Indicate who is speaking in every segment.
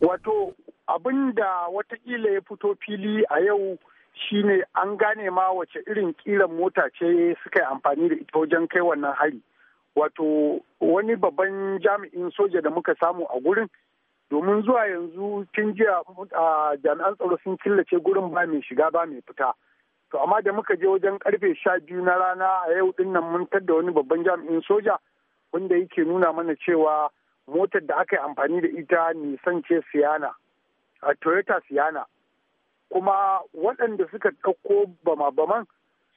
Speaker 1: Wato abin da watakila ya fito fili a yau shine an gane ma wace irin kiran mota ce suka yi amfani da ita wajen kai wannan hari. Wato wani babban jami'in soja da muka samu a gurin domin zuwa yanzu tun jiya a jami'an tsaro sun killace gurin ba mai shiga ba mai fita. To amma da muka je wajen karfe sha biyu na rana a yau dinnan mun tadda wani babban jami'in soja wanda yake nuna mana cewa motar da aka yi amfani da ita nisan ce siyana a toyota siyana kuma waɗanda suka ɗauko bama-baman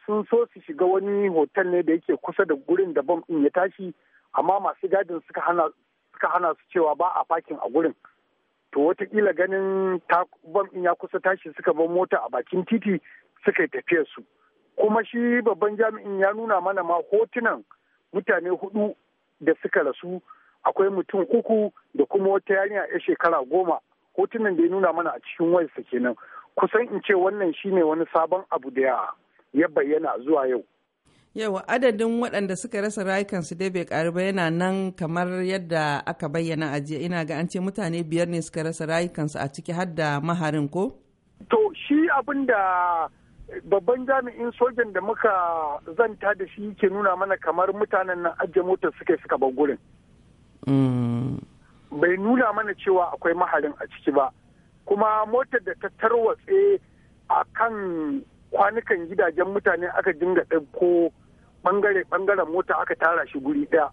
Speaker 1: sun so su shiga wani hotel ne da yake kusa da gurin da bam ɗin ya tashi amma masu gadin suka hana su cewa ba a fakin a gurin to watakila ganin bam ɗin ya kusa tashi suka bar mota a bakin titi suka yi su kuma shi babban jami'in ya nuna mana ma hotunan mutane hudu da suka rasu akwai mutum uku da kuma wata yarinya ya shekara goma hotunan da ya nuna mana a cikin wayarsa kenan kusan in ce wannan shine wani sabon abu da ya bayyana zuwa yau
Speaker 2: yau adadin waɗanda suka rasa rayukansu dai bai ƙaru ba yana nan kamar yadda aka bayyana a jiya ina ga an ce mutane biyar ne suka rasa rayukansu a ciki har da maharin ko
Speaker 1: to shi abin da babban jami'in sojan da muka zanta da shi ke nuna mana kamar mutanen nan ajiye motar suka suka bar gurin bai nuna mana cewa akwai maharin a ciki ba kuma motar da ta tarwatse a kan kwanukan gidajen mutane aka dinga ɗauko bangare bangaren mota aka tara shi guri ɗaya